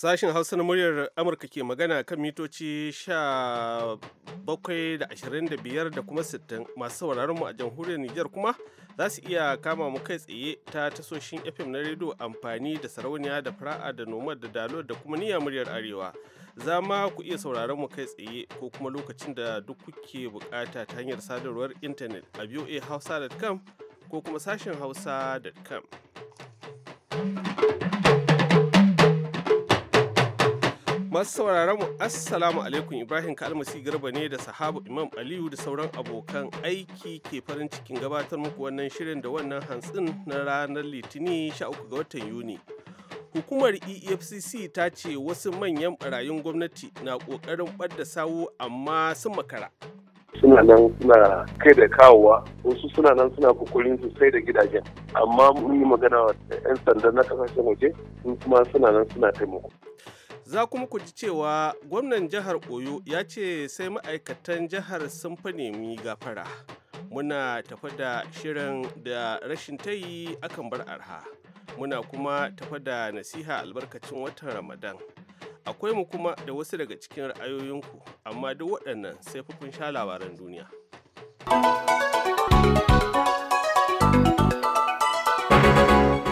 Sashen Hausa na muryar Amurka ke magana kan mitoci 17.25 da da kuma 60 masu sauraron mu a jamhuriyar Nijar kuma za su iya kama mu kai tsaye ta tasoshin FM na rediyo amfani da sarauniya da fara'a da noma da dalo da kuma niyya muryar Arewa. Za ma ku iya sauraron mu kai tsaye ko kuma lokacin da duk kuke bukata ta hanyar sadarwar intanet a voahausa.com ko kuma sashin hausa.com. Masu sauraron mu Assalamu alaikum Ibrahim Kalmasi Garba ne da sahabu Imam Aliyu da sauran abokan aiki ke farin cikin gabatar muku wannan shirin da wannan hantsin na ranar Litini 13 ga watan Yuni. Hukumar EFCC ta ce wasu manyan barayin gwamnati na ƙoƙarin ɓadda sawu amma sun makara. suna nan suna kai da kawowa wasu suna nan suna kokarin su sai da gidajen amma mun yi magana da 'yan sanda na kasashen waje sun kuma suna nan suna taimako za kuma ku ji cewa gwamnan jihar oyo ya ce sai ma'aikatan jihar sun fa nemi gafara muna tafa da shirin da rashin tayi akan bar arha muna kuma tafa da nasiha albarkacin watan ramadan akwai mu kuma da wasu daga cikin ra'ayoyinku amma duk waɗannan sai kun sha labaran duniya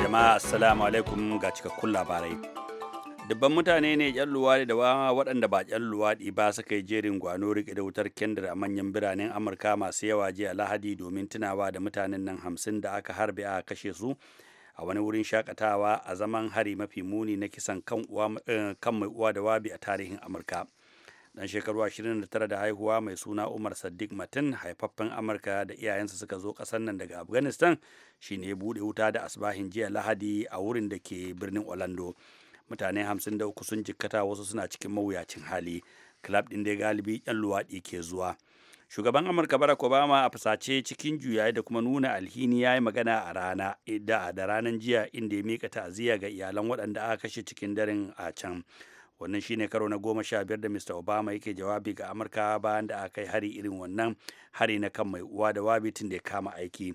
jama'a assalamu alaikum ga cikakkun labarai dubban mutane ne yan luwaɗi da waɗanda ba yan luwaɗi ba suka yi jerin gwano riƙe da wutar kendir a manyan biranen amurka masu yawa jiya lahadi domin tunawa da mutanen nan hamsin da aka harbe a kashe su a wani wurin shakatawa a zaman hari mafi muni na kisan kan eh, mai uwa da wabi a tarihin amurka dan shekaru 29 da haihuwa mai suna umar sadiq matin haifaffen amurka da iyayensa suka zo kasan nan daga afghanistan shine bude wuta da asbahin jiya lahadi a wurin da ke birnin orlando mutane 53 sun jikkata wasu suna cikin mawuyacin hali club ɗin dai galibi 'yan luwaɗi ke zuwa shugaban amurka barack obama a fasace cikin juyayi da kuma nuna alhini ya yi magana a rana da da ranar jiya inda ya mika ta'aziyya ga iyalan waɗanda aka kashe cikin daren a can wannan shine karo na goma sha biyar da mr obama yake jawabi ga amurka bayan da aka yi hari irin wannan hari na kan mai uwa da wabitin da ya kama aiki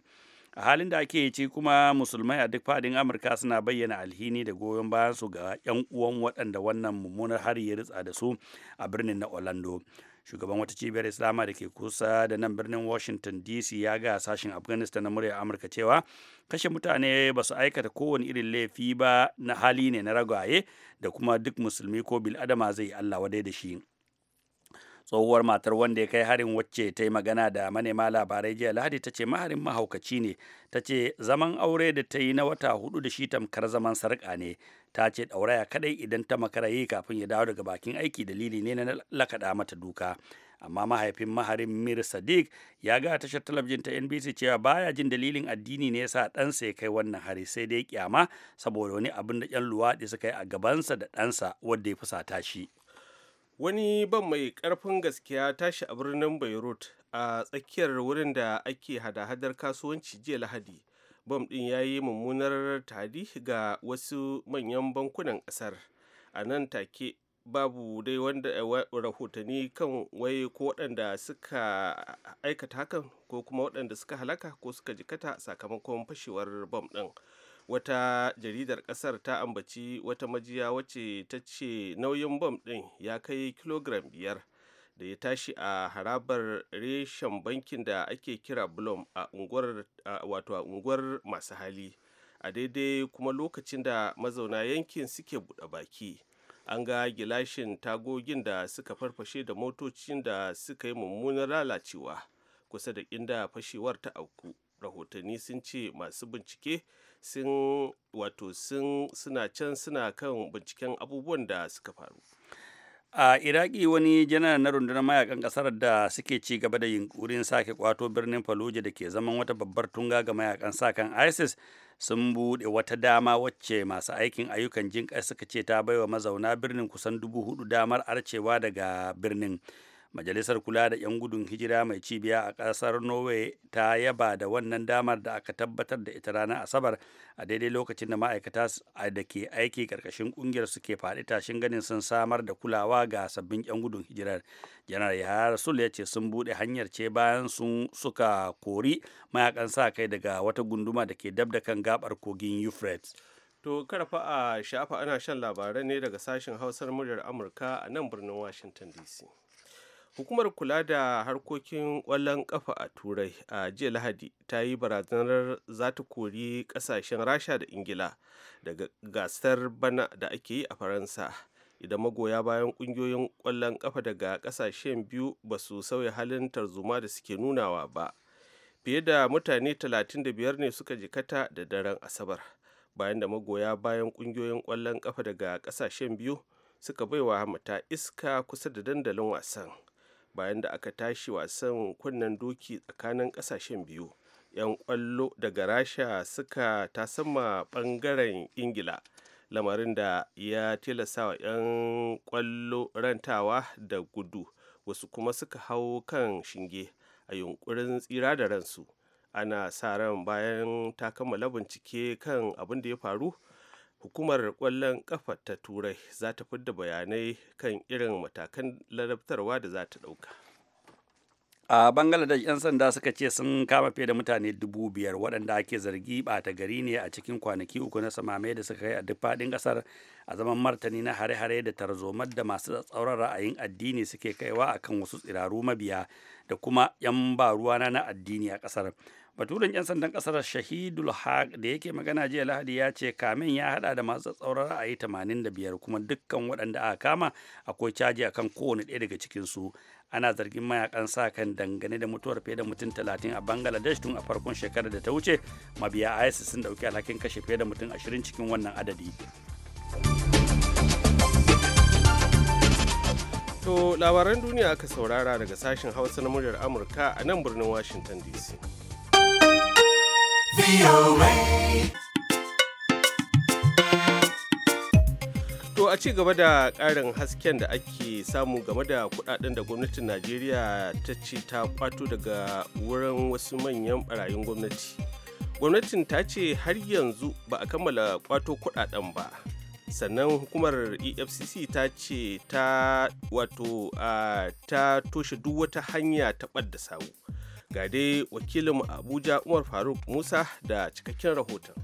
a halin da ake ci kuma musulmai a duk fadin amurka suna bayyana alhini da goyon bayan su ga 'yan uwan waɗanda wannan mummunar hari ya ritsa da su a birnin na orlando shugaban wata cibiyar islama da ke kusa da nan birnin washington dc ya ga sashen afghanistan na murya amurka cewa kashe mutane ba su aikata kowane irin laifi ba na hali ne na ragaye da kuma duk musulmi ko bil'adama zai yi allah wadai da shi tsohuwar matar wanda ya kai harin wacce ta yi magana da manema labarai jiya lahadi ta ce maharin mahaukaci ne ta ce zaman aure da ta yi na wata hudu da shi tamkar zaman sarƙa ne ta ce ɗauraya kaɗai idan ta makara yi kafin ya dawo daga bakin aiki dalili ne na lakaɗa mata duka amma mahaifin maharin mir sadiq ya ga tashar talabijin ta nbc cewa baya jin dalilin addini ne yasa ɗansa ya kai wannan hari sai dai kyama saboda wani abin da yan luwaɗi suka yi a gabansa da ɗansa wanda ya fusata shi wani ban mai karfin gaskiya tashi a birnin beirut a tsakiyar wurin da ake hada-hadar kasuwanci jiya lahadi bam ɗin ya yi mummunar tari ga wasu manyan bankunan ƙasar a nan take babu dai wanda eh, rahotanni kan wai ko waɗanda suka aikata hakan ko kuma waɗanda suka halaka ko suka jikata sakamakon fashewar bam ɗin wata jaridar kasar ta ambaci wata majiya wacce ta ce nauyin bom ɗin ya kai kilogram biyar da ya tashi a harabar reshen bankin da ake kira blom a unguwar unguwar masu hali a daidai kuma lokacin da mazauna yankin suke buɗe baki an ga gilashin tagogin da suka farfashe da motocin da suka yi mummunan lalacewa kusa da inda fashewar ta auku rahotanni sun ce masu bincike sun wato sun suna can suna kan binciken abubuwan da suka faru a iraki wani janar na rundunar mayakan kasar da suke ci gaba da yunkurin sake kwato birnin fallujah da ke zaman wata babbar tunga ga mayakan sakan isis sun buɗe wata dama wacce masu aikin ayyukan jinƙai suka ce ta baiwa mazauna birnin kusan dubu hudu damar arcewa daga birnin majalisar kula da 'yan gudun hijira mai cibiya a ƙasar norway ta yaba da wannan damar da aka tabbatar da ita ranar asabar a daidai lokacin da ma'aikata da ke aiki ƙarƙashin ƙungiyar suke faɗi tashin ganin sun samar da kulawa ga sabbin 'yan gudun hijirar janar yahaya rasul ya ce sun buɗe hanyar ce bayan sun suka kori mayakan sa kai daga wata gunduma da ke dab da kan gabar kogin euphrates to karfa a shafa ana shan labarai ne daga sashen hausar muryar amurka a nan birnin washington dc hukumar kula da harkokin kwallon ƙafa a turai a jiya lahadi ta yi barazanar za ta kori ƙasashen rasha da ingila daga gasar bana da ake yi a faransa idan magoya bayan ƙungiyoyin ƙwallon ƙafa daga ƙasashen biyu ba su sauya halin tarzoma da suke nunawa ba fiye da mutane 35 ne suka jikata da daren asabar bayan da magoya bayan ƙungiyoyin ƙwallon ƙafa daga ƙasashen biyu suka baiwa mata iska kusa da dandalin wasan bayan da aka tashi wasan kunnen doki tsakanin kasashen biyu 'yan kwallo daga rasha suka tasamma ɓangaren ingila lamarin da ya tilasta wa 'yan kwallo rantawa da gudu wasu kuma suka hau kan shinge a yunkurin tsira da ransu ana sa ran bayan ta kammala bincike kan abin da ya faru hukumar kwallon kafa ta turai za ta fidda bayanai kan irin matakan larabtarwa da za ta ɗauka a bangaladesh 'yan sanda suka ce sun kama fiye da mutane dubu biyar waɗanda ake zargi ɓata gari ne a cikin kwanaki uku na samame da suka kai a duk faɗin ƙasar a zaman martani na hare-hare da tarzomar da masu tsauran ra'ayin addini suke kaiwa akan wasu tsiraru mabiya da kuma 'yan ba ruwana na addini a ƙasar baturen 'yan sandan kasar shahidul haq da yake magana jiya lahadi ya ce kamin ya hada da masu tsaurar ra'ayi 85 kuma dukkan waɗanda aka kama akwai caji akan kowane ɗaya daga cikinsu ana zargin mayakan sa kan dangane da mutuwar fiye da mutum 30 a bangladesh tun a farkon shekarar da ta wuce mabiya isis sun dauki alhakin kashe fiye da mutum 20 cikin wannan adadi To labaran duniya aka saurara daga sashen hausa na muryar amurka a nan birnin washington dc To a ci gaba da ƙarin hasken da ake samu game da kuɗaɗen da gwamnatin Najeriya ta ce ta kwato daga wurin wasu manyan barayin gwamnati. Gwamnatin ta ce har yanzu ba a kammala kwato kudaden ba. Sannan hukumar EFCC ta ce ta wato ta toshe duk wata hanya ta ɓadda sawu. ga dai wakilinmu abuja umar faruk musa da cikakken rahoton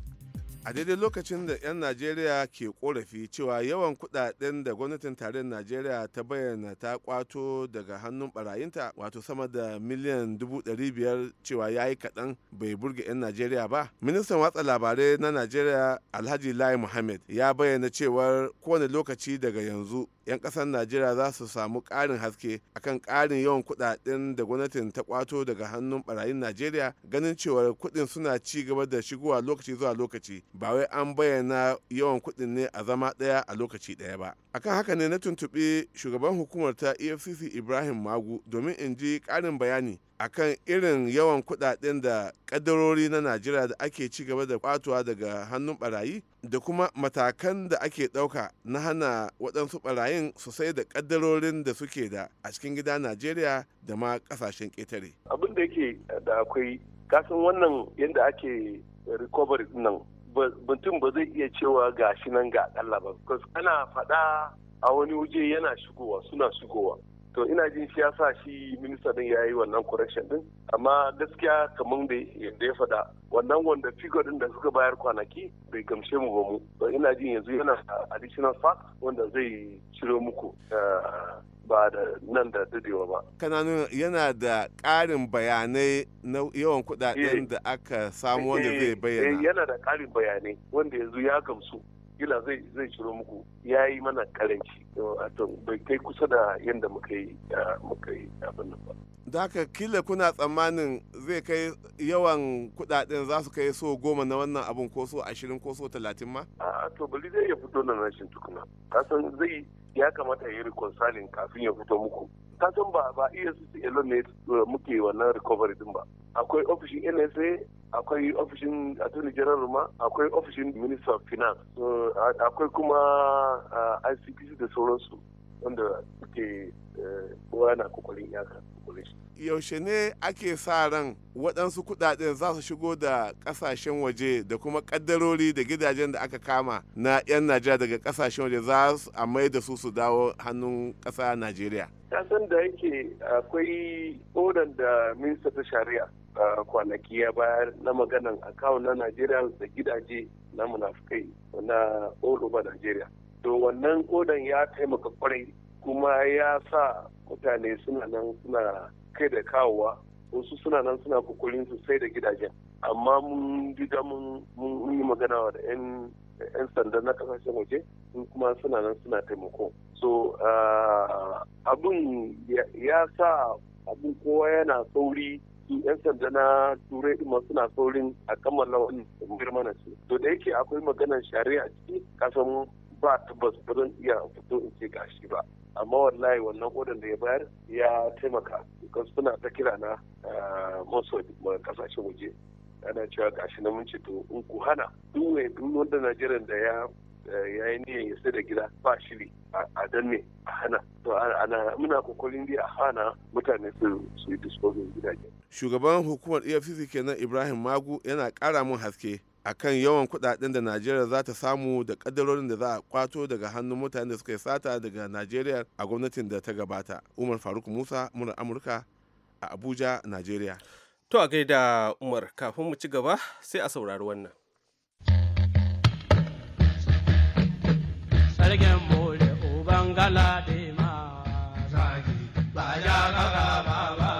a daidai lokacin da 'yan najeriya ke korafi cewa yawan kudaden da gwamnatin tarayyar najeriya ta bayyana ta kwato daga hannun barayinta wato sama da miliyan 500 cewa ya yi kaɗan bai burge 'yan najeriya ba ministan watsa labarai na najeriya alhaji lai muhammad ya bayyana cewar kowane lokaci daga yanzu 'yan kasar najeriya za su samu ƙarin haske akan ƙarin yawan kuɗaɗen da gwamnatin ta kwato daga hannun barayin najeriya ganin cewar kuɗin suna ci gaba da shigowa lokaci zuwa lokaci ba wai an bayyana yawan kuɗin ne a zama ɗaya a lokaci ɗaya ba akan haka ne na tuntuɓi shugaban hukumar ta efcc ibrahim magu domin in ji ƙarin bayani akan irin yawan kudaden da kadarori na najeriya da ake ci gaba da kwatuwa daga hannun barayi da kuma matakan da ake ɗauka na hana waɗansu barayin su sai da kadarorin da suke da a cikin gida najeriya da ma ƙasashen ƙetare abin da yake da akwai kasan wannan yadda ake recovery nan mutum ba zai iya cewa ga shi nan ga akalla ba ana faɗa a wani waje yana shigowa suna shigowa to ina jin shi ya sa shi minista din ya yi wannan correction din amma gaskiya kamar da yadda ya faɗa wannan wanda figure din da suka bayar kwanaki bai gamshe mu ba mu to ina jin yanzu yana da additional fact wanda zai ciro muku eh, ba da nan da dadewa ba. Kananu yana da ƙarin bayanai na yawan kudaden eh. da aka samu wanda eh, zai bayyana. Yana da ƙarin bayanai wanda yanzu ya gamsu kila zai zai ciro muku ya yi mana karanci wato bai kai kusa da yadda muka yi muka yi abin nan ba da haka kila kuna tsammanin zai kai yawan kudaden za su kai so goma na wannan abun ko so ashirin ko so talatin ma? a to bali zai ya fito na rashin tukuna kasan zai ya kamata ya yi reconciling kafin ya fito muku kasan ba ba iya e su elon ne muke wannan recovery din ba akwai ofishin nsa akwai ofishin attorney general ma akwai ofishin minister of finance akwai kuma icpc da sauransu wanda suke kowa eh, na kokarin iyaka yaushe ne ake sa ran waɗansu kuɗaɗen za su shigo da ƙasashen waje da kuma ƙaddarori da gidajen da aka kama na 'yan najeriya daga ƙasashen waje za su a mai da su su dawo hannun ƙasa najeriya san da yake akwai odan da minista ta shari'a kwanaki ya bayar na maganan akawun na najeriya da gidaje na munafukai na oluba najeriya to wannan kodan ya taimaka kwarai kuma ya sa mutane suna nan suna kai da kawowa wasu suna nan suna kokarin su sai da gidajen amma mun gida mun yi magana da 'yan yan sanda na kasashen waje kuma suna nan suna taimako so ah, abin ya sa abin kowa yana sauri su 'yan sanda na turai ma suna saurin a kammala wani mana ce to da yake akwai maganar shari'a ciki kasan ba tabbas ba zan iya fito in ce gashi ba amma wallahi wannan odin da ya bayar ya taimaka because suna ta kira na eh, maso kasashen waje ana cewa gashi na mun ce to in ku hana duk wanda najeriya da ya Eh, ya yi niyan ya sai da gida ba shiri a danne a hana to ana muna kokarin dai a hana mutane su su yi disposal gidaje shugaban hukumar efcc kenan ibrahim magu yana kara mun haske akan yawan kudaden da najeriya za ta samu da kadarorin da za a kwato daga hannun mutanen da suka sata daga najeriya a gwamnatin da ta gabata umar faruk musa murar amurka a abuja najeriya to a gaida umar kafin mu ci gaba sai a saurari wannan sarkin bore uban gala ma zaki ba ya kaka ba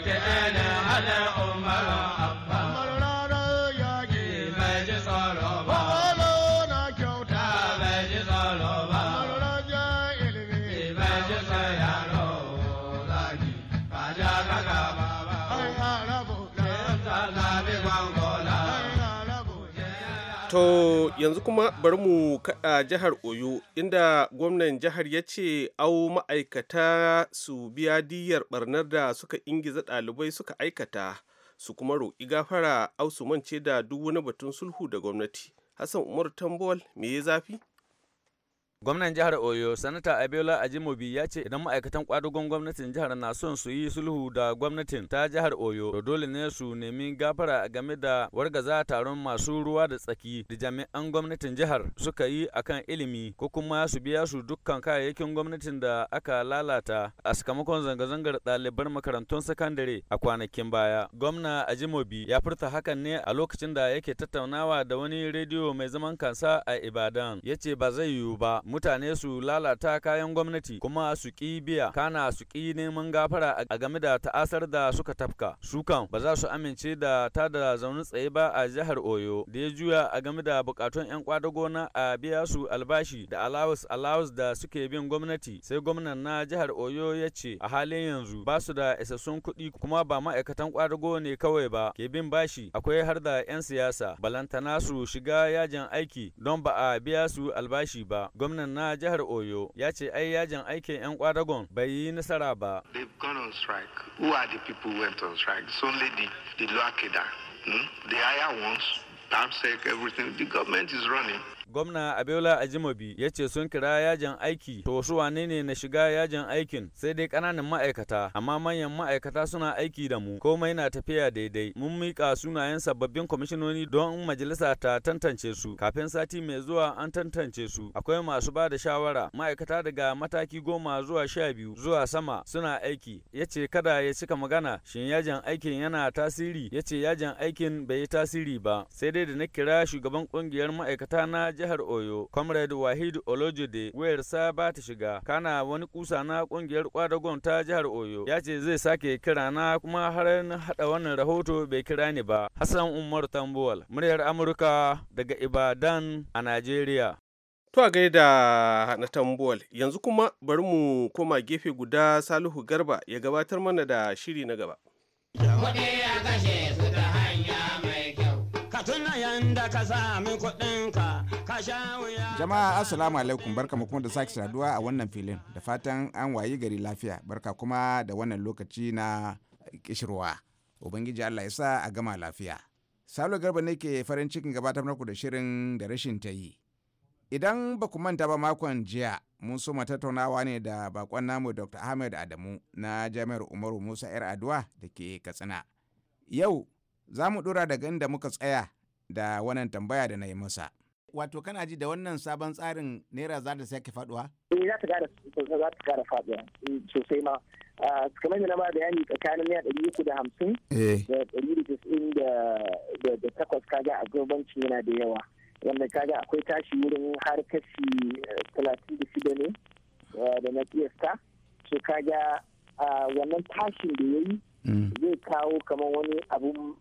وكأنا To yanzu kuma bari mu kaɗa jihar Oyo inda gwamnan jihar ya ce au ma'aikata su biya diyyar barnar da suka ingiza ɗalibai suka aikata su kuma roƙi gafara au su mance da duk wani batun sulhu da gwamnati. Hassan Umar Tambol me ya zafi? Gwamnan jihar Oyo, Sanata Abiola Ajimobi ya ce idan ma'aikatan kwadugon gwamnatin jihar na son su yi sulhu da gwamnatin ta jihar Oyo, to dole ne su nemi gafara game da wargaza taron masu ruwa da tsaki da jami'an gwamnatin jihar suka yi akan ilimi ko kuma su biya su dukkan kayayyakin gwamnatin da aka lalata a sakamakon zanga-zangar ɗaliban makarantun sakandare a kwanakin baya. Gwamna Ajimobi ya furta hakan ne a lokacin da yake tattaunawa da wani rediyo mai zaman kansa a Ibadan. Ya ce ba zai yiwu ba mutane su lalata kayan gwamnati kuma su ƙi biya kana su ƙi neman gafara a game da ta'asar da suka tafka sukan kan ba za su amince da ta da zaune tsaye ba a jihar oyo da ya juya a game da bukatun 'yan kwadago na a biya su albashi da allowance allowance da suke bin gwamnati sai gwamnan na jihar oyo ya ce a halin yanzu ba su da isassun kuɗi kuma ba ma'aikatan kwadago ne kawai ba ke bin bashi akwai har da 'yan siyasa balantana su shiga yajin aiki don ba a biya su albashi ba gwamnati gwamnan na jihar Oyo ya ce ai yajin aikin 'yan kwadagon bai yi nasara ba. They've gone on strike. Who are the people who went on strike? It's only the, the Luakeda. Hmm? The higher ones AMSEC, everything. The gwamna abiola ajimobi ya ce sun kira yajin aiki to wasu wane ne na shiga yajin aikin sai dai kananan ma'aikata amma manyan ma'aikata suna aiki da mu komai na tafiya daidai mun mika sunayen sababbin kwamishinoni don majalisa ta tantance su kafin sati mai zuwa an tantance su akwai masu ba da shawara ma'aikata daga mataki goma zuwa sha biyu zuwa sama suna aiki ya ce kada ya cika magana shin yajin aikin yana tasiri ya ce yajin aikin bai yi tasiri ba sai dai da na kira shugaban kungiyar ma'aikata na jihar Oyo, Comrade Wahid Olojode, wayarsa ba ta shiga. Kana wani kusa na kungiyar kwadagon ta jihar Oyo, ya ce zai sake kira na kuma har na hada wannan rahoto bai kira ni ba. Hassan Umar Tambuwal, muryar Amurka daga Ibadan a Najeriya. To a gaida na tambuwal yanzu kuma bari mu koma gefe guda Salihu Garba ya gabatar mana da shiri na gaba. Kuɗi bayan da jama'a assalamu alaikum barka mu kuma da sake saduwa a wannan filin da fatan an wayi gari lafiya barka kuma da wannan lokaci na kishirwa ubangiji allah ya sa a gama lafiya salo garba ne ke farin cikin gabatar muku da shirin da rashin ta yi idan ba ku manta ba makon jiya mun so tattaunawa ne da bakon namu dr ahmed adamu na jami'ar umaru musa yar aduwa da ke katsina yau za mu dora daga inda muka tsaya da wannan tambaya da na yi masa. Wato kana ji da wannan sabon tsarin naira za ta sake faduwa? Eh za ta kara za ta kara faduwa eh, sosai ma. Ah, kamar na ma bayani tsakanin naira ɗari uku da hamsin eh. da ɗari da tis'in da takwas kaga a gurbancin yana da yawa. Wanda kaga akwai tashi wurin har kashi eh, talatin da shida ne da na kiyasta. So kaga ah, wannan tashin da ya yi mm. zai kawo kamar wani abun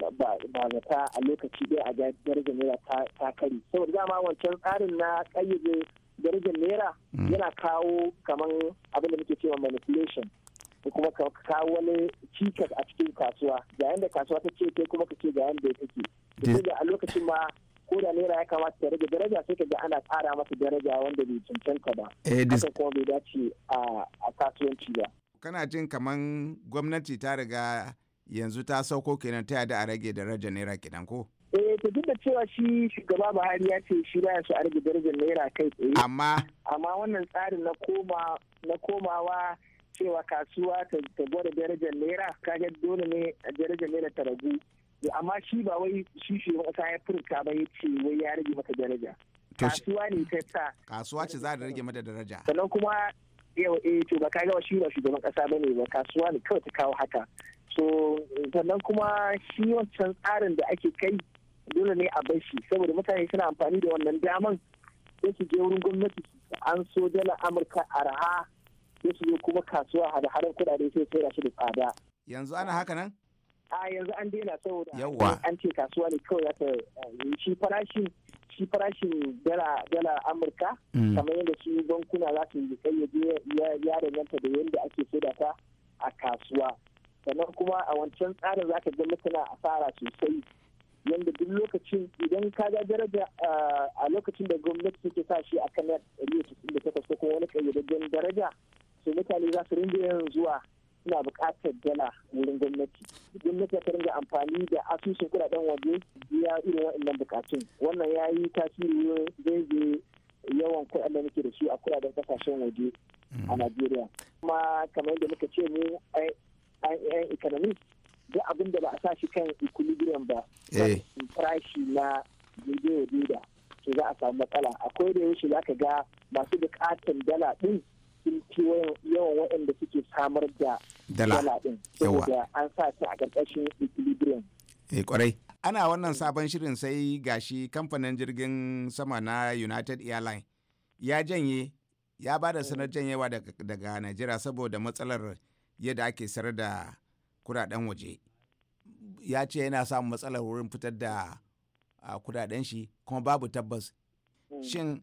ba ta a lokaci ɗaya a darajar naira ta kari saboda dama wancan tsarin na ƙayyade darajar naira mm. yana kawo kamar abin da muke cewa manipulation ko kuma ka kawo wani cikas a cikin kasuwa ga yanda kasuwa ta ce kai kuma ka ce ga yanda take da a lokacin ma ko da naira ya kamata ta rage daraja sai ka ga ana tsara masa daraja wanda bai cancanta ba eh, haka kuma bai dace a kasuwanci ba kana jin kaman gwamnati ta riga yanzu ta sauko kenan ta yada a rage darajar naira kenan ko eh to duk da cewa shi shugaba Buhari ya ce shi baya so a rage darajar naira kai tsaye amma amma wannan tsarin na koma na komawa cewa kasuwa ta gwada darajar naira kaga dole ne a darajar naira ta ragu amma shi ba wai shi shugaban kasa ya furta ba ya ce wai ya rage mata daraja kasuwa ne ta sa kasuwa ce za a rage mata daraja sannan kuma yau eh to ba kaga shi ba shugaban kasa ne ba kasuwa ne kawai ta kawo haka so sannan kuma shi wancan tsarin da ake kai dole ne a bashi saboda mutane suna amfani da wannan daman sai su je wurin gwamnati an so dala amurka araha sai su zo kuma kasuwa hada hadar kudade sai sai shi da tsada yanzu ana haka nan a yanzu an daina saboda an ce kasuwa ne kawai ta eh, shi farashin shi farashin dala dala amurka mm. kamar yadda shi bankuna za su yi kai ya danganta da yadda ake saida ta a kasuwa sannan kuma a wancan tsarin zaka ga a fara sosai yadda duk lokacin idan ka ga daraja a lokacin da gwamnati take sa shi a na ɗari da takwas ko kuma wani ƙayyadajjen daraja so mutane za su rinda yin zuwa suna buƙatar dala wurin gwamnati gwamnati ta ringa amfani da asusun kuɗaɗen waje biya irin waɗannan buƙatun wannan ya yi tasiri zai je yawan kuɗaɗen da muke da su a kuɗaɗen ƙasashen waje a mm. najeriya kuma kamar yadda muka ce mu 'yan economy duk abin da ba a sashi kan equilibrium ba eh. farashi na daidai da su za a samu matsala akwai da yaushe za ka ga masu bukatan dala din sun fi yawan waɗanda suke samar da dala din saboda an sa su a ƙarƙashin equilibrium kwarai eh, ana wannan sabon shirin sai gashi kamfanin jirgin sama na united airlines ya janye ya ba da sanar janyewa daga najeriya saboda matsalar yadda ake sayar da kudaden waje ya ce yana samun matsalar wurin fitar da kudaden shi kuma babu tabbas hmm. shin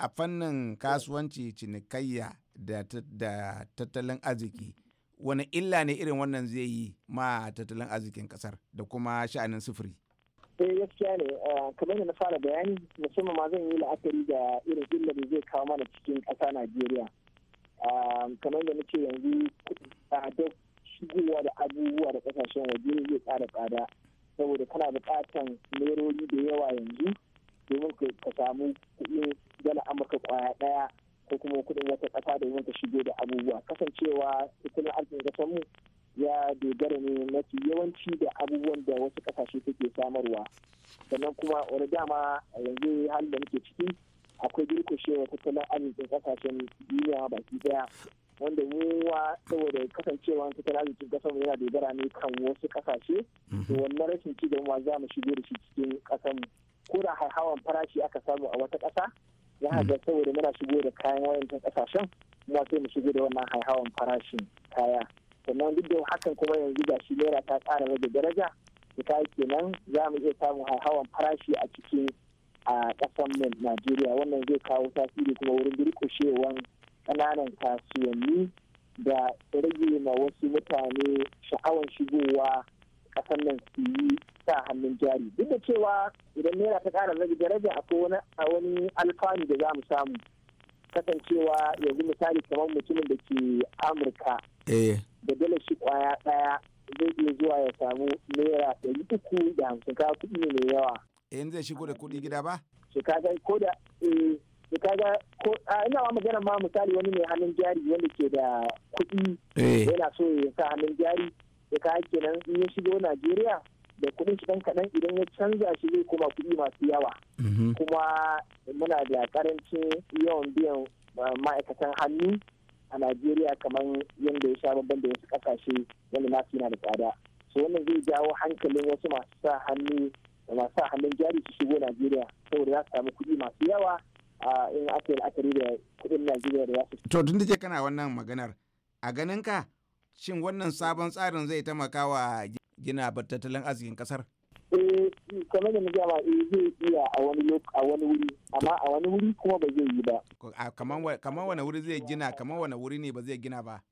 a fannin kasuwanci cinikayya da tattalin arziki wani illa ne irin wannan zai yi ma tattalin arzikin kasar da kuma sha'anin sufuri eh gaskiya ne kamar da na fara bayani musamman ma zan yi la'akari da irin illar da zai kawo mana cikin ƙasa najeriya kamar da muke yanzu da shigowa da abubuwa da kasashen waje zai ƙara tsada saboda kana buƙatan nerori da yawa yanzu domin ka samu kuɗin dala amurka kwaya ɗaya ko kuma kuɗin wata ƙasa domin ka shigo da abubuwa kasancewa tattalin arzikin ƙasar mu ya dogara ne mafi yawanci da abubuwan da wasu ƙasashe suke samarwa sannan kuma wani dama yanzu halin da muke ciki akwai durkushewar tattalin arzikin kasashen duniya baki daya wanda wa saboda kasancewa tattalin arzikin kasar yana dogara ne kan wasu kasashe to mhm. wannan rashin ci gaba za mu shigo da shi cikin kasar mu ko da haihawan farashi aka samu a wata kasa ya haɗa mhm. saboda muna shigo da kayan wayancan kasashen kuma sai mu shigo da wannan haihawan farashin kaya sannan duk da hakan kuma yanzu ga shi naira ta ƙara rage daraja ake kenan za mu iya samun haihawan farashi a cikin a ƙasar nan najeriya wannan zai kawo tasiri kuma wurin durkushewan ƙananan kasuwanni da rage ma wasu mutane sha'awan shigowa ƙasar nan su yi sa hannun jari duk da cewa idan naira ta ƙara rage daraja akwai wani alfanu da za mu samu kasancewa yanzu misali kamar mutumin da ke amurka eh. da dala shi kwaya ɗaya zai iya zuwa ya samu naira ɗari uku da hamsin kawo kuɗi mai yawa in zai shigo da kuɗi gida ba? su ko da eh, a ina wa magana ma misali wani mai hannun jari wanda ke da kuɗi eh. yana so ya sa hannun jari da ka kenan in ya shigo Najeriya da kuɗin shi dan kaɗan idan ya canza shi zai koma kuɗi masu yawa mhm. kuma muna da karancin yawan biyan ma'aikatan hannu a Najeriya kamar yadda ya sha babban da wasu ƙasashe wanda nasu yana da tsada so wannan zai jawo hankalin wasu masu sa hannu da masu hannun jari su shigo najeriya saboda za su samu kuɗi masu yawa a in aka yi la'akari da kuɗin najeriya da ya su to tun da kana wannan maganar a ganin ka shin wannan sabon tsarin zai taimaka wa gina tattalin arzikin kasar eh kamar da muke ba eh zai iya a wani a wani wuri amma a wani wuri kuma ba zai yi ba kamar wani wuri zai gina kamar wani wuri ne ba zai gina ba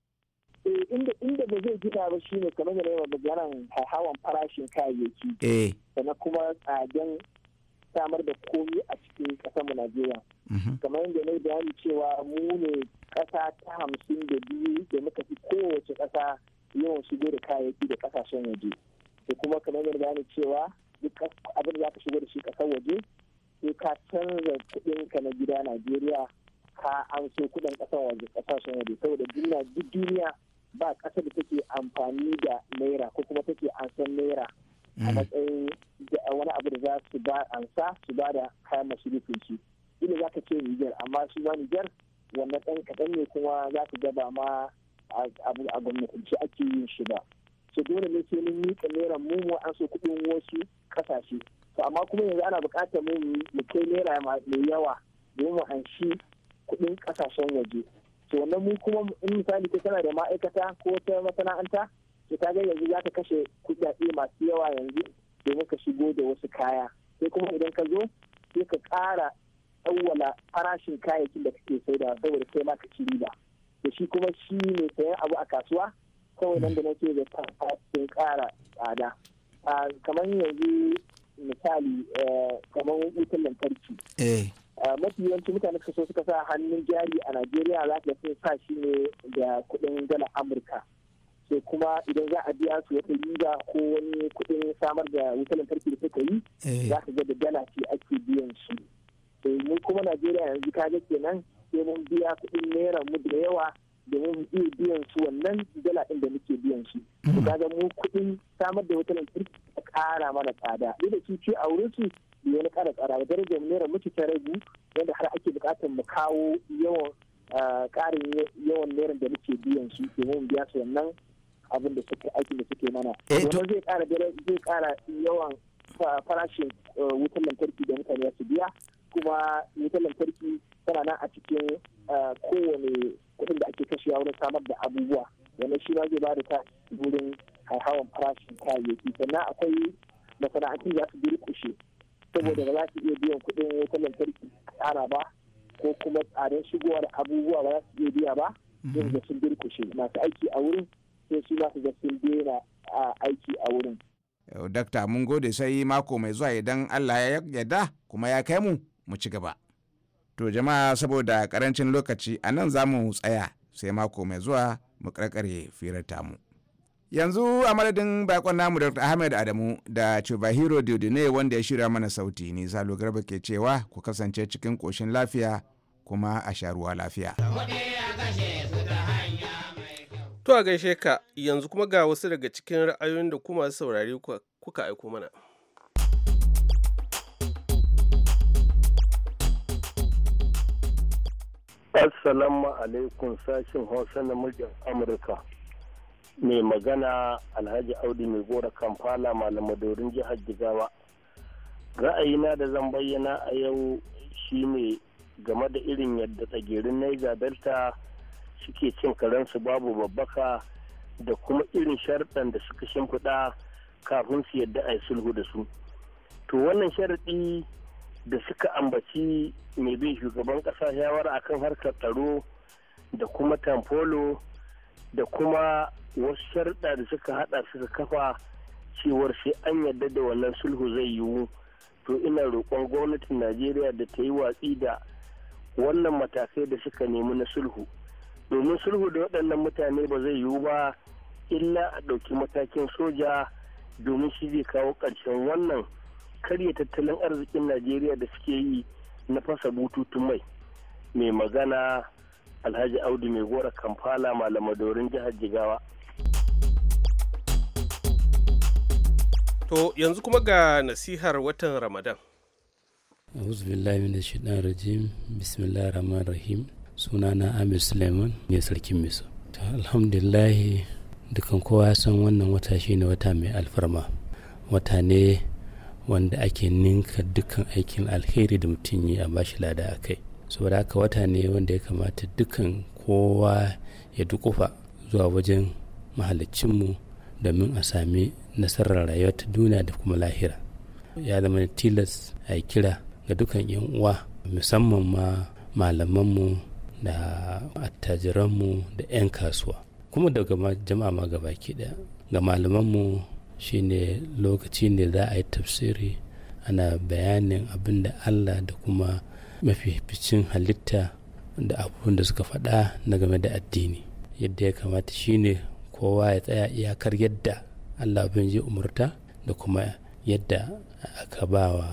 Eh, inda inda ba zai gina ba shine kamar da yawa maganan hawan farashin kayayyaki eh. sannan kuma tsadin samar da komi a cikin ƙasar mu Najeriya mhm. kamar yadda na bayani cewa mu ne kasa ta hamsin da biyu da muka fi kowace ƙasa yawan shigo da kayayyaki da ƙasashen waje da kuma kamar yadda bayani cewa duk abin da za ka shigo da shi ƙasar waje sai ka canza kuɗin ka na gida Najeriya ka an so kuɗin ƙasar waje ƙasashen waje saboda duniya duk duniya ba ƙasar da take amfani da naira ko kuma take an san naira a mm. matsayin wani abu da za su ba ansa su ba da kayan masu su ina za ka ce niger amma su ma niger wanda ɗan kaɗan ne kuma za ka gaba ma a gwamnatance ake yin shi ba so dole ne sai mun miƙa naira mu mu an so kuɗin wasu ƙasashe to amma kuma yanzu ana buƙatar mu mu kai naira mai yawa domin mu shi kuɗin ƙasashen waje to wannan mu kuma in misali ta tana da ma'aikata ko ta masana'anta to ta ga yanzu za ta kashe kuɗaɗe masu yawa yanzu domin ka shigo da wasu kaya sai kuma idan ka zo sai ka ƙara tsawwala farashin kayayyakin da kake saida saboda sai ma ka ci riba da shi kuma shi ne sayan abu a kasuwa kawai nan da nake da sun kara tsada kamar yanzu misali eh, kamar wutan lantarki eh. mafi yawanci mutane suka so suka sa hannun jari a najeriya za ka sun sa shi ne da kuɗin dala amurka sai kuma idan za a biya su wata riga ko wani kuɗin samar da wutar lantarki da suka yi eh. za ka ga da dala ce ake biyan su sai mu kuma najeriya yanzu ka ga kenan sai mun biya kuɗin naira mu da yawa domin iya biyan su wannan dala ɗin da muke biyan su. Mm. ga mu kuɗin samar da wutar lantarki a ƙara mana tsada. Duk da su ce a wurin su bai wani kara tsara daraja mu naira mutu ta ragu wanda har ake bukatar mu kawo yawan karin ah, yawan naira da muke biyan su domin biya su wannan abin da suke aiki da suke mana. Wannan eh, zai kara zai kara yawan farashin ah, wutan lantarki da mutane su biya kuma wutan lantarki tana nan a cikin ah, kowane kuɗin da ake kashewa wurin samar da abubuwa wannan shi ma zai ba da ta wurin hawan farashin kayayyaki sannan akwai masana'antu za su durƙushe saboda ba za su iya biyan kuɗin wata lantarki ƙara ba ko kuma tsadar shigowar abubuwa ba za su iya biya ba da mhm. sun durkushe masu aiki a wurin sai su za su ga sun daina aiki a wurin. Dakta mun gode sai mako mai zuwa idan Allah ya yarda kuma ya kai mu mu ci gaba. To jama'a saboda karancin lokaci a nan za mu tsaya sai mako mai zuwa mu karkare firar tamu. yanzu a madadin bakon namu dr ahmed adamu da chubahiro diodine wanda ya shirya mana sauti ne zalo garba ke cewa ku kasance cikin koshin lafiya kuma a sharuwa lafiya to a gaishe ka yanzu kuma ga wasu daga cikin ra'ayoyin da kuma saurari kuka aiko mana assalamu alaikum sashin hausa na muryar amurka mai magana alhaji audu mai gora kamfala malamadorin jihar jigawa ra'ayina da zan bayyana a yau shine game da irin yadda tsagerin naija delta suke cin karensu babu babbaka da kuma irin sharɗan da suka shimfiɗa kafin su yadda a yi sulhu da su to wannan sharaɗi da suka ambaci mai bin shugaban ƙasa shawara akan harkar tsaro da kuma tamfolo da kuma wasu sharɗa da suka haɗa suka kafa cewar sai an yarda da wannan sulhu zai yiwu to ina roƙon gwamnatin najeriya da ta yi watsi da wannan matakai da suka nemi na sulhu domin sulhu da waɗannan mutane ba zai yiwu ba illa a ɗauki matakin soja domin shi zai kawo ƙarshen wannan karya tattalin arzikin najeriya da suke yi na fasa bututun mai mai magana alhaji audu mai gora kamfala malamadorin jihar jigawa to yanzu kuma ga nasihar watan ramadan a'udhu billahi minash shaitanir rajim bismillahir rahmanir rahim sunana amir suleiman ne sarkin miso to alhamdulillah dukan kowa san wannan wata shine wata mai alfarma wata ne wanda ake ninka dukkan aikin alheri da mutum yi a bashi lada a kai saboda haka wata ne wanda ya kamata dukan kowa ya dukufa zuwa wajen mahalicinmu domin a sami nasarar rayuwar ta duniya da kuma lahira ya zama tilas a kira ga dukan yan uwa musamman ma malamanmu da attajiranmu da 'yan kasuwa kuma daga jama'a ma gaba ɗaya ga malamanmu shine lokaci ne za a yi tafsiri ana bayanin abin da allah da kuma mafificin halitta da abubuwan da suka faɗa na game da addini yadda ya kamata shine kowa ya tsaya iyakar yadda allah bin ji umurta da kuma yadda aka ba wa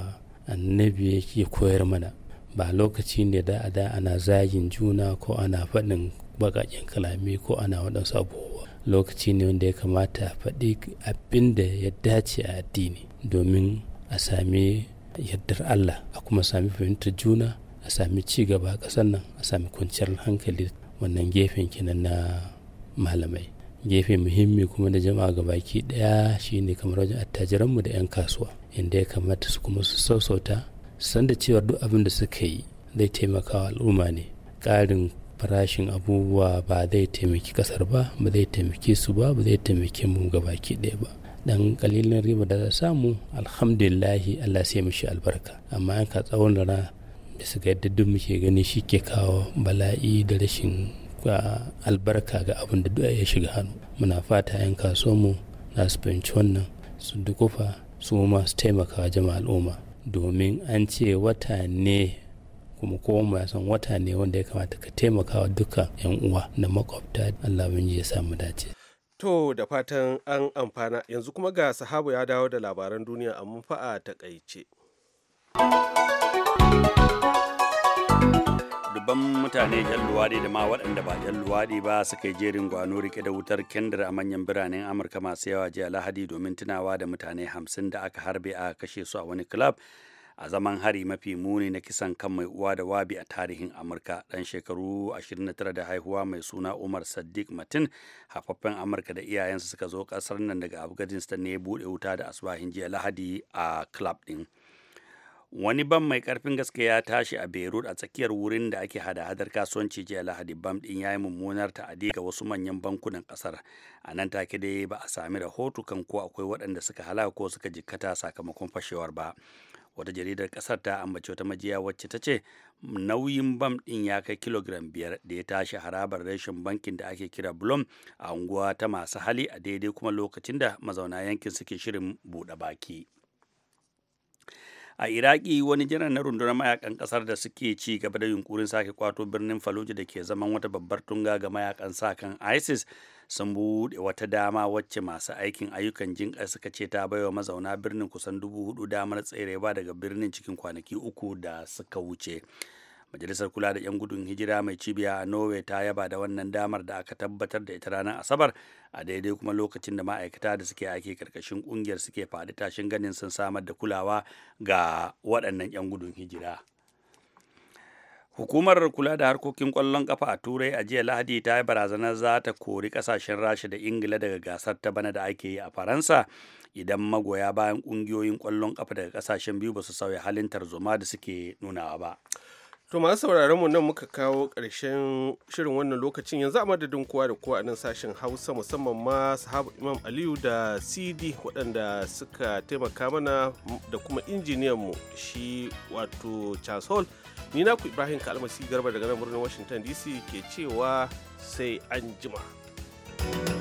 annabi yake koyar mana ba lokaci ne da da ana zagin juna ko ana faɗin baƙaƙen kalami ko ana waɗansu abubuwa lokaci ne wanda ya kamata faɗi abin da ya dace a addini domin a sami yardar Allah a kuma sami fahimtar juna a sami ci gaba a ƙasar nan a sami kwanciyar hankali wannan gefen kenan na malamai gefe muhimmi kuma da jama'a ga baki daya shine kamar wajen attajiranmu da 'yan kasuwa inda ya kamata su kuma su sausauta san da cewar duk abin da suka yi zai taimaka wa al'umma ne ƙarin farashin abubuwa ba zai taimaki kasar ba ba zai taimake su ba ba zai taimake mu ga baki ɗaya ba dan kalilin riba da za samu alhamdulillahi Allah sai shi albarka amma ka tsawon rana bisa ga yadda duk muke gani shi ke kawo bala'i da rashin albarka ga abin da ya shiga hannu muna fata yan mu na su fahimci wannan su dukufa su masu su taimaka jama'a al'umma domin an ce wata ne kuma kowa mu san wata ne wanda ya kamata ka taimakawa wa duka yan uwa na makwabta Allah ya samu dace To da fatan an amfana yanzu kuma ga sahabu ya dawo da labaran duniya a fa ta takaice. dubban mutane yan luwaɗe da ma waɗanda ba yan luwaɗe ba suka yi jerin gwano rike da wutar kendir a manyan biranen amurka masu yawa jiya lahadi domin tunawa da mutane hamsin da aka harbe a kashe su a wani club a zaman hari mafi muni na kisan kan mai uwa da wabi a tarihin amurka dan shekaru 29 da haihuwa mai suna umar sadiq matin hafaffen amurka da iyayensa suka zo kasar nan daga afghanistan ne bude wuta da asubahin jiya lahadi a club din. wani ban mai karfin gaske ya tashi a beirut a tsakiyar wurin da ake hada-hadar kasuwanci jiya lahadi bam din ya yi mummunar ta'adi ga wasu manyan bankunan kasar a nan take dai ba a sami rahoto kan ko akwai waɗanda suka halaka ko suka jikkata sakamakon fashewar ba wata jaridar kasar ta ambace wata majiya wacce ta ce nauyin bam din ya kai kilogram biyar da ya tashi harabar rashin bankin da ake kira blom a unguwa ta masu hali a daidai kuma lokacin da mazauna yankin suke shirin buɗe baki a iraki wani jiran na rundunar mayakan kasar da suke ci gaba da yunkurin sake kwato birnin fallujah da ke zaman wata babbar tunga ga mayakan sa kan isis sun buɗe wata dama wacce masu aikin ayyukan jinƙai suka ce ta baiwa mazauna birnin kusan dubu hudu damar tserewa daga birnin cikin kwanaki uku da suka wuce majalisar kula da 'yan gudun hijira mai cibiya a norway ta yaba da wannan damar da aka tabbatar da ita ranar asabar a daidai kuma lokacin da ma'aikata da suke aiki karkashin kungiyar suke fadi tashin ganin sun samar da kulawa ga waɗannan 'yan gudun hijira Hukumar kula da harkokin ƙwallon ƙafa a Turai a jiya Lahadi ta yi barazanar za ta kori ƙasashen Rasha da Ingila daga gasar ta bana da ake yi a Faransa idan magoya bayan ƙungiyoyin ƙwallon ƙafa daga ƙasashen biyu ba su sauya halin tarzoma da suke nunawa ba. To masu sauraron mu nan muka kawo ƙarshen shirin wannan lokacin yanzu a madadin kowa da kowa a nan sashen Hausa musamman ma sahabu Imam Aliyu da CD waɗanda suka taimaka mana da kuma injiniyan mu shi wato Charles Hall. ni naku ibrahim kalmasi garba daga nan birnin washington dc ke cewa sai an jima. thank you